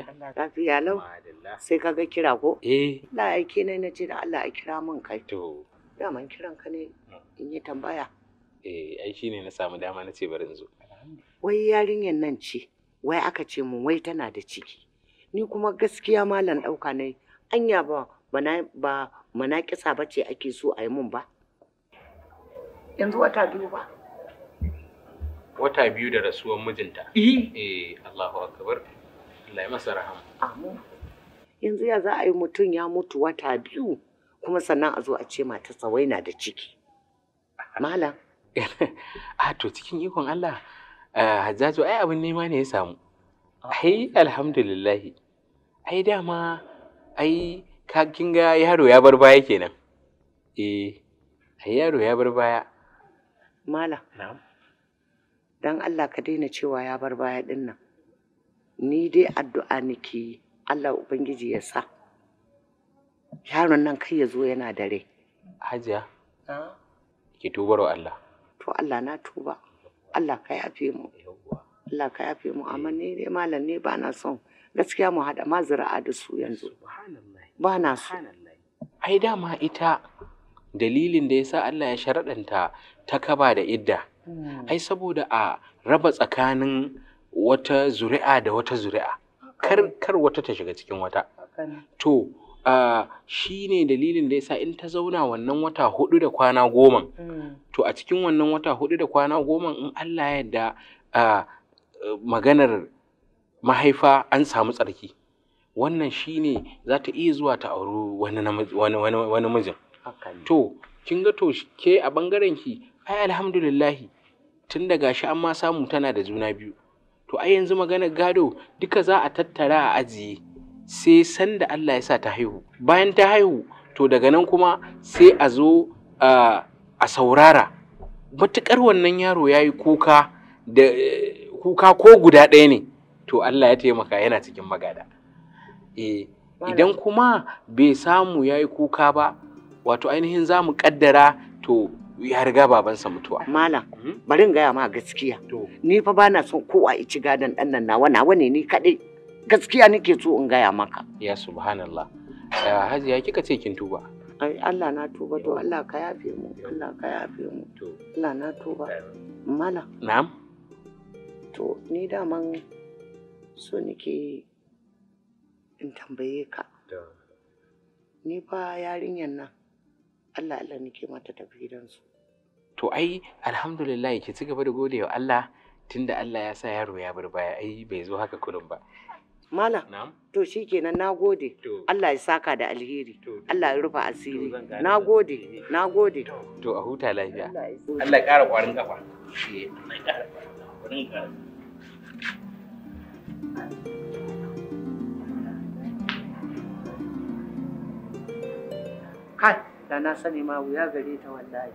lafiya? Lafiya lau. Sai ka ga kira ko? Eh. La aiki ne na ce da Allah a kira min kai. To. Daman kiran ka ne in yi tambaya. Eh, ai shine na samu dama na ce bari in zo. Wai yarinyar nan ce, wai aka ce mun wai tana da ciki. Ni kuma gaskiya malam ɗauka ne, anya ba mana ba mana kisa ba ake so a yi mun ba. Yanzu wata biyu ba. Wata biyu da rasuwar mijinta. Eh, eh Allahu akbar. Allah ya masa rahama. Amin. Yanzu ya za a yi mutum ya mutu wata biyu kuma sannan a zo a ce mata tsawaina da ciki. Malam. a to cikin ikon Allah eh, Hajjaju ai abin nema ne ya samu. Ai alhamdulillahi. Ai dama ai ka kin ga yaro ya bar baya kenan. Eh ai yaro ya bar baya. Malam. Na'am. Dan Allah ka daina cewa ya bar baya din nan. ni dai addu'a nake yi Allah Ubangiji ya sa yaron nan kai ya zo yana da rai hajiya ki tubar wa Allah to Allah na tuba Allah ka yafe mu Allah ka yafe mu amma ni dai malam ne ba na son gaskiya mu haɗa ma zira'a da su yanzu ba na so ai dama ita dalilin da yasa Allah ya sharaɗanta ta kaba da idda hmm. ai saboda a raba tsakanin wata zuri'a da wata zuri'a kar kar wata ta shiga cikin wata to uh, shi ne dalilin da ya sa in ta zauna wannan wata hudu da kwana goma mm. to a cikin wannan wata hudu da kwana goma in Allah ya yadda uh, maganar mahaifa an samu tsarki wannan shi ne za ta iya zuwa ta auri wani mijin to kin ga to ke a bangaren ki ai alhamdulillahi tun daga shi an ma samu tana da juna biyu to ai yanzu maganar gado duka za a tattara a ajiye sai sanda Allah ya sa ta haihu bayan ta haihu to daga nan kuma sai a zo a saurara matuƙar wannan yaro ya yi kuka ko guda ɗaya ne to Allah ya taimaka yana cikin magada eh, idan kuma bai samu ya yi kuka ba wato ainihin za mu ƙaddara to ya riga babansa mutuwa. Malam, hmm? bari in gaya ma gaskiya. Ni fa bana son kowa ya ci gadon ɗan nan nawa nawa ne ni kaɗai. Gaskiya nake so in gaya maka. Ya subhanallah. Hajiya kika ce kin tuba. Ai Allah na tuba to Allah ka yafe mu. Allah ka yafe mu. Allah na tuba. Malam. Na'am. To ni daman so nake in tambaye ka. Ni fa yarinyar nan. Allah Allah nake mata tafi gidansu to ai alhamdulillah ki ci gaba da gode wa Allah tunda Allah ya sa yaro ya bar baya ai bai zo haka kurun ba Malam, to shi kenan na gode, Allah ya saka da alheri, Allah ya rufa asiri, na gode, na gode. To a huta lafiya. Allah ya ƙara ƙwarin ƙafa. Kai, da na sani ma wuya gare ta wallahi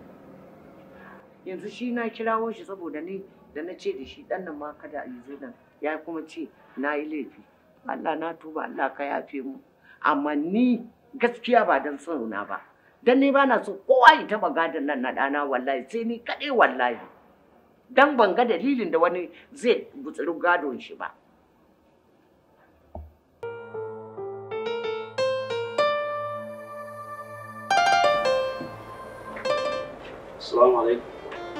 yanzu shi na kirawo shi saboda ni da na ce da shi dan nan ma kada a nan ya kuma ce na yi laifi Allah na tuba Allah ka yafe mu amma ni gaskiya ba dan son na ba dan ni bana so kowa ya taba gadan nan na dana wallahi sai ni kaɗai wallahi dan ban ga dalilin da wani zai gutsuru gadon shi ba السلام alaikum. haka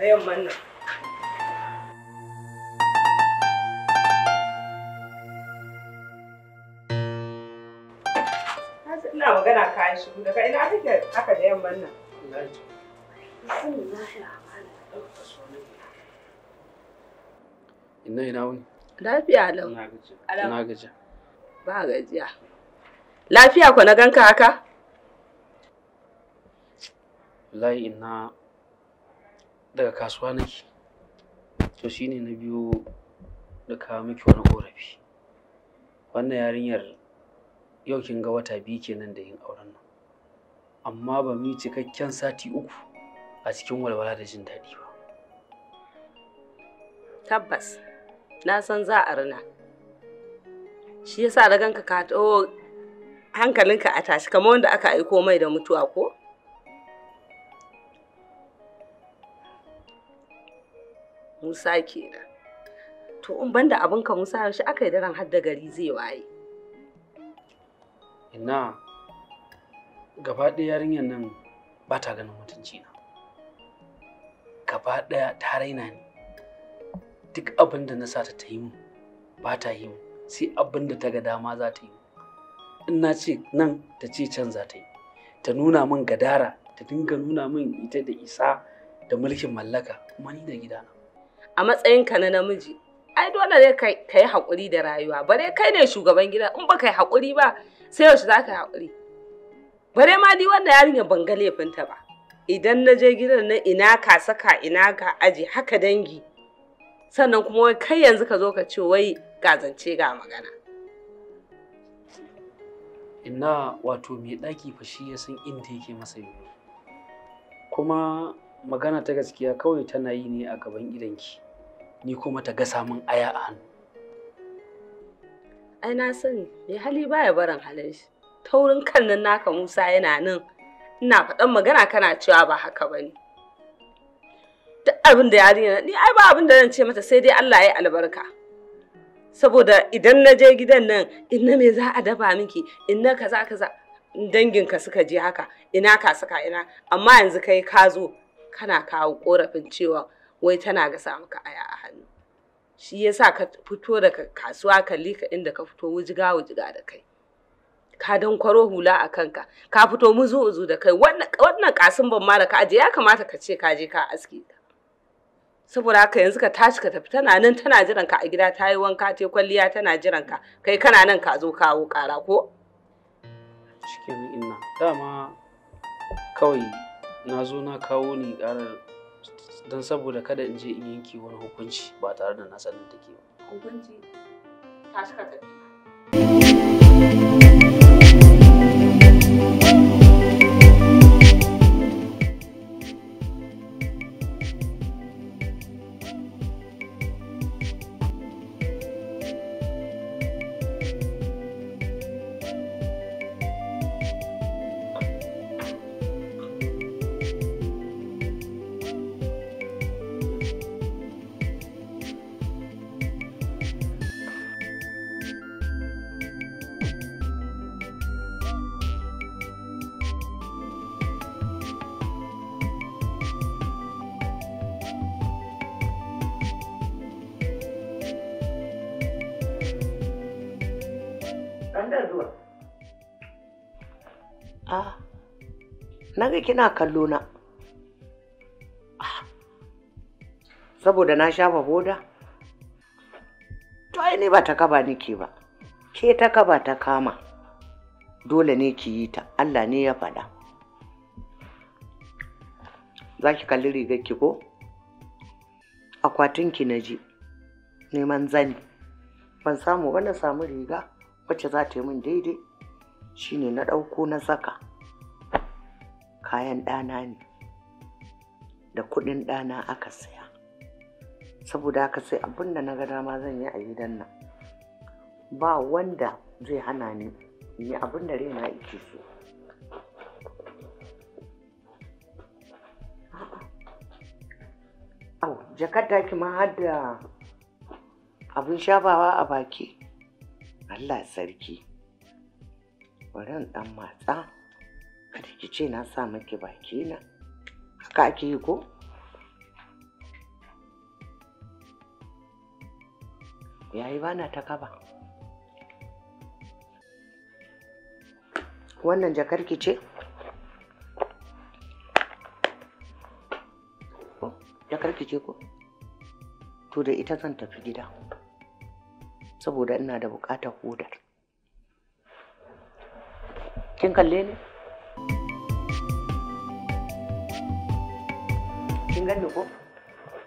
da nan. Ina magana ka, ina kake haka da yamman nan. Ina ina wuni? Lafiya lau. Ina gajiya. Ba gajiya. Lafiya ku na ganka haka? Wallahi ina daga kasuwa nake. To shine na biyo da kawo miki wani korafi. Wannan yarinyar yau kin ga wata biyu kenan da yin auren nan. Amma ba mu yi cikakken sati uku. a cikin walwala da jin daɗi ba. Tabbas, na san za a rina. Shi yasa da ganka ka taho hankalinka a tashi kamar wanda aka aiko mai da mutuwa ko? Musa kenan. To in banda abinka Musa yaushe aka yi daren hadda gari zai waye. Ina gaba ɗaya yarinyar nan ba ta ganin mutunci na. gaba ɗaya ta raina ni duk abin da na sata ta yi mu ba ta yi mu sai abin da ta ga dama za ta yi in na ce nan ta ce can za ta yi ta nuna min gadara ta dinga nuna min ita da isa da mulkin mallaka kuma ni da gidana a matsayinka na namiji ai dole ne ka yi haƙuri da rayuwa bare kai ne shugaban gida in ba ka yi haƙuri ba sai yaushe za ka yi haƙuri bare ma di wanda yarinya ban ga laifinta ba idan na je gidan na ina ka saka ina ka aji haka dangi sannan kuma wai kai yanzu ka zo ka ce wai ga zance ga magana ina wato mai ɗaki fa shi ya san inda yake masa yi kuma magana ta gaskiya kawai tana yi ne a gaban idanki ni kuma ta ga samun aya a hannu ai na sani mai hali baya barin halin shi taurin kan naka musa yana nan ina faɗan magana kana cewa ba haka ba ne duk abin da yarinya ni ai ba abin da zan ce mata sai dai Allah ya yi albarka saboda idan na je gidan nan ina me za a dafa miki inna kaza kaza danginka suka je haka ina ka saka ina amma yanzu kai ka zo kana kawo korafin cewa wai tana gasa maka aya a hannu shi yasa ka fito daga kasuwa ka inda ka fito wujiga wujiga da kai ka dan kwaro hula a kanka ka fito zu uzu da kai wannan kasin ban mara ka ajiye ya kamata ka ce ka je ka aske ta saboda haka yanzu ka tashi ka tafi tana nan tana jiran ka a gida ta yi wanka ta kwalliya tana jiran ka kai kana nan ka zo kawo kara ko cikin inna dama kawai na zo na kawo ni karar don saboda kada in je in yanke wani hukunci ba tare da na sanin take ba hukunci tashi ka tafi na ga kina kallo na saboda na shafa boda to ai ne ba ta kaba nike ba ke ta kaba ta kama dole ne ki yi ta Allah ne ya faɗa za ki kalli rigar ki ko akwatin ki na ji neman zani ban samu ba na samu riga wacce za ta yi min daidai shine na ɗauko na saka kayan ɗana ne da kuɗin ɗana aka saya saboda aka sai abin da na ga dama zan yi a gidan nan ba wanda zai hana ni yi abin da raina yake so au jakarta ki ma har abin shafawa a baki allah sarki bari ɗan matsa kada ki ce na sa miki baki na haka ake yi ko yayi bana ta kaba wannan jakar ki ce jakar ki ce ko to da ita zan tafi gida saboda ina da bukatar hodar kin kalle ne kin gani ko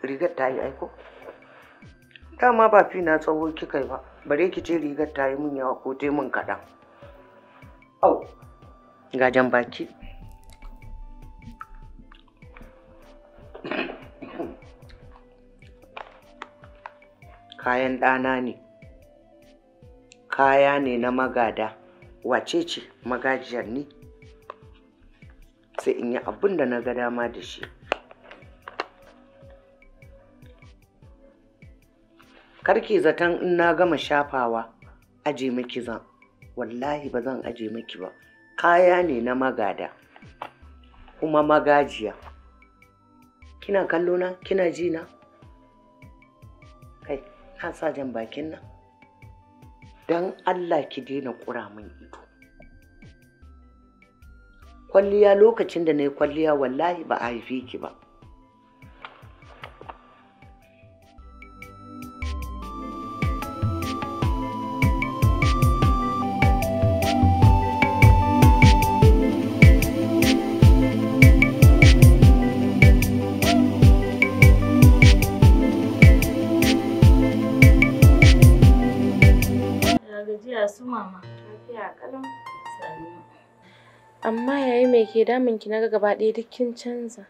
rigar ta yi aiko dama ba fi na tsawo kika ba bare ki ce rigar ta yi mun yawa ko te mun kaɗan au ga baki kayan ɗana ne kaya ne na magada wace ce magajiyar ni sai in yi abin da na ga dama da shi karki zaton in na gama shafawa aje miki zan wallahi ba zan aje miki ba kaya ne na magada kuma magajiya kina kallo na kina ji na kai na sa jan bakin nan don allah ki daina kura min ido kwalliya lokacin da na yi kwalliya wallahi ba a haife ki ba mama. Lafiya ƙalau. Amma yayi me ke damun ki na gaba ɗaya duk kin canza.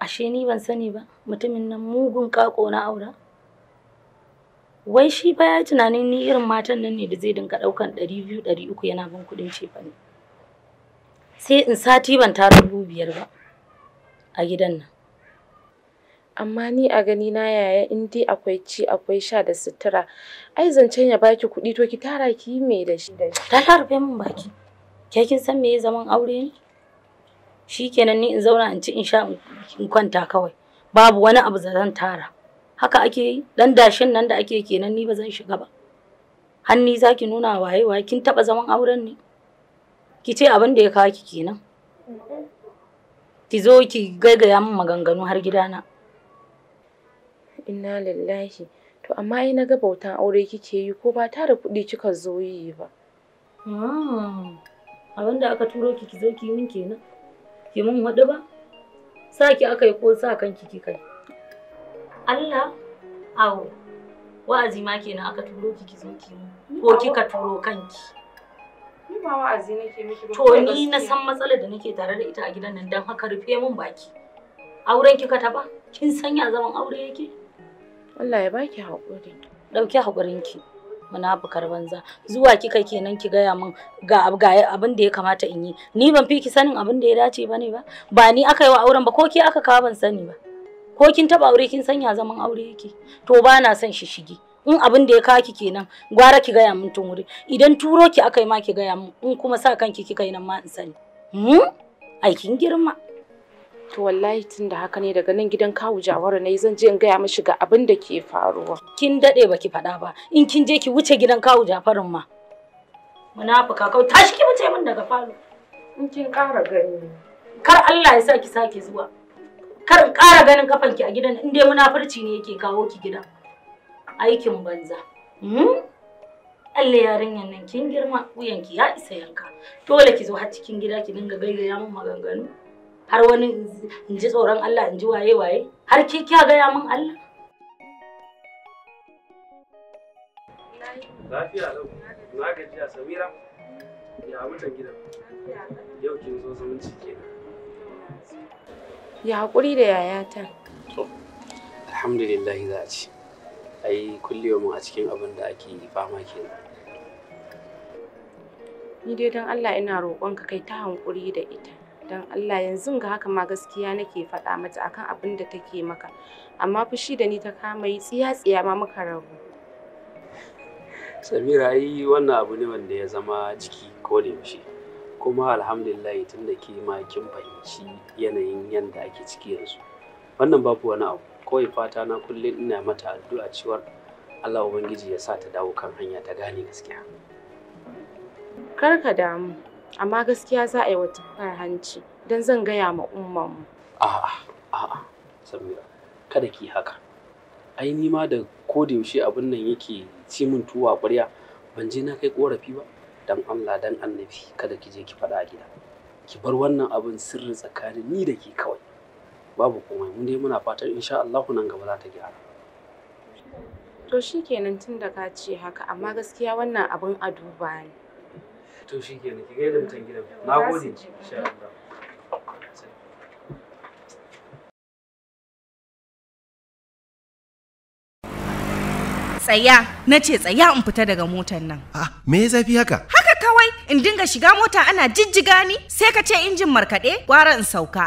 Ashe ni ban sani ba mutumin nan mugun ƙaƙo na aura. Wai shi ba ya tunanin ni irin matan nan ne da zai dinga ɗaukan ɗari biyu ɗari uku yana bin kuɗin cefane. Sai in sati ban tara dubu biyar ba a gidan nan. Amma ni a gani na yaya in dai akwai ci akwai sha da sutura ai zancen ya baki kuɗi to ki tara ki yi mai da shi da shi. Ta rufe min baki. Ke kin san me zaman aure ne? Shikenan ni in zauna in ci in sha in kwanta kawai. Babu wani abu da zan tara. Haka ake yi dan dashin nan da ake kenan ni ba zan shiga ba. Hanni zaki nuna waye waye kin taba zaman auren ne? Ki ce abin da ya kawo ki kenan. Ki zo ki gaigaya min maganganu har gidana. inna lillahi to amma ai naga bautan aure kike yi ko ba tara kuɗi kika zo yi ba A ah, wanda aka turo ki ki zo ki min kenan ki mun wadi ba sa ki aka yi ko sa kanki ki kai Allah awo wa'azi ma kenan aka turo ki ki zo ki min ko kika turo kanki ni ba wa'azi nake miki to ni na san matsalar da nake tare da ita a gidan nan dan haka rufe min baki auren kika taba kin sanya zaman aure yake Allah ya baki haƙuri. Ɗauki haƙurinki. Munafukar banza. Zuwa kika kenan ki gaya min ga abin da ya kamata in yi. Ni ban fi ki sanin abin da ya dace ba ne ba. Ba ni aka yi wa auren ba ko ki aka kawo ban sani ba. Ko kin taba aure kin sanya zaman aure yake. To ba na son shi shige. in abin da ya kawo ki kenan gwara ki gaya mun tun wuri idan turo ki aka yi ma ki gaya mun in kuma sa kanki kika yi nan ma in sani hmm aikin girma to wallahi tun da haka ne daga nan gidan kawu jawara ne zan je in gaya mishi ga abin da ke faruwa kin dade baki faɗa ba in kin je ki wuce gidan kawu jafarin ma munafuka kau tashi ki wuce min daga falo in kin ƙara gani kar Allah ya sa ki sake zuwa kar in ƙara ganin kafanki a gidan in dai munafurci ne yake kawo ki gidan aikin banza hmm? Allah yarinyan nan kin girma wuyanki ya isa yanka dole ki zo har cikin gida ki dinga gaggaya mun maganganu har wani in ji tsoron Allah in ji waye waye har ke kya gaya min Allah lafiya lau na gajiya samira ya mutan gidan yau kin zo zumunci kenan ya haƙuri da yayata to alhamdulillah za a ci ai kullum a cikin abin da ake fama kenan ni dai don Allah ina roƙonka kai ta hankuri da ita don Allah yanzu ga haka ma gaskiya nake faɗa mata akan abin da take maka amma fushi da ni ta kama yi tsiya tsiya ma muka rabu Samira ai wannan abu ne wanda ya zama jiki ko da yaushe kuma alhamdulillah tunda da ke ma kin fahimci yanayin yanda ake ciki yanzu wannan babu wani abu kawai fata na kullum ina mata addu'a cewar Allah ubangiji ya sa ta dawo kan hanya ta gane gaskiya kar ka damu Amma gaskiya za a yi wata hanci don zan gaya ma A A'a, a'a, Samira, kada ki haka. Ai ni ma da ko da yaushe abin nan yake ci min tuwa ƙwarya ban je na kai korafi ba. Dan Allah dan Annabi kada ki je ki faɗa gida. Ki bar wannan abin sirri tsakanin ni da ke kawai. Babu komai mun dai muna fatan insha allahu nan gaba za ta gyara. To shikenan tun da ka ce haka amma gaskiya wannan abin a duba ne. to shi ke ki gaida mutan gidan na gode insha tsaya na ce tsaya in fita daga motar nan ah me ya zafi haka haka kawai in dinga shiga mota ana jijjiga ni sai ka ce injin markaɗe gwara in sauka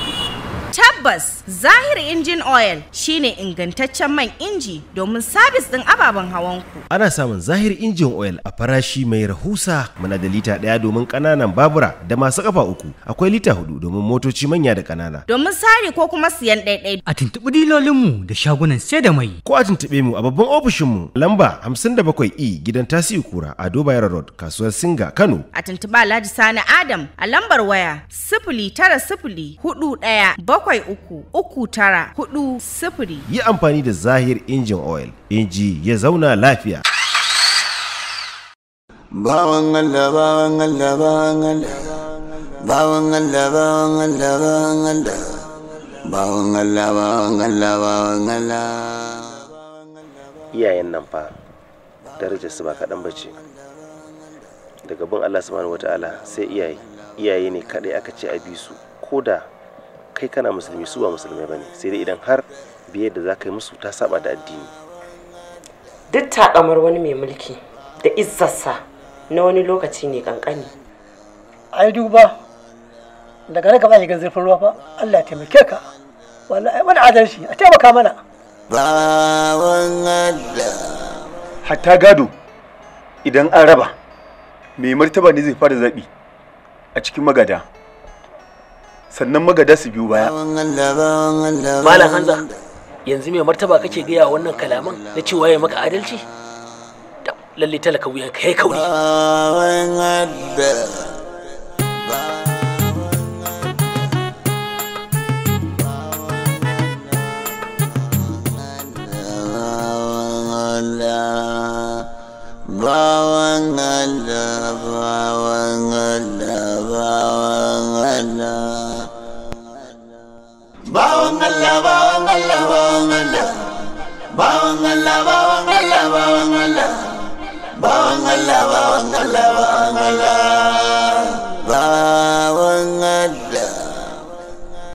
Tabbas Zahir Injin Oil shine ingantaccen man inji domin sabis ɗin ababen hawan ku. Ana samun Zahir Injin Oil a farashi mai rahusa muna da lita daya domin kananan babura da masu kafa uku akwai lita hudu domin motoci manya da ƙanana. Domin sari ko kuma siyan ɗaiɗai. A tuntuɓi mu da shagunan sai da mai. Ko a tuntuɓe mu a babban ofishin mu. lamba 57 E gidan Tasiu Kura a doba Road kasuwar Singa Kano. A tuntuɓa Alhaji Sani Adam a lambar waya sifili tara sifili hudu ɗaya bakwai uku uku tara hudu sifiri. Yi amfani da Zahir injin oil, inji ya zauna lafiya. Bawan Allah, bawan Allah, bawan Allah, bawan Allah, bawan Allah, bawan Allah, bawan Allah, bawan Allah, bawan Allah. Iyayen nan fa, darajarsu ba kaɗan bace daga bin Allah subhanahu wataala sai iyaye iyaye ne kadai aka ce a bi su ko da. kai kana musulmi su ba musulmai bane sai dai idan har biyar da za ka yi musu ta saba da addini duk takamar wani mai mulki da izzarsa na wani lokaci ne kankani ai duba daga raka ba shiga zurfin ruwa fa Allah ya taimake ka wallahi adalci a taimaka mana bawan Allah hatta gado idan an raba mai martaba ne zai fara zabi a cikin magada sannan magada su biyu baya malam hanza yanzu mai martaba kake gaya wannan kalaman na cewa ya maka adalci lalle talaka wuyan kai kauri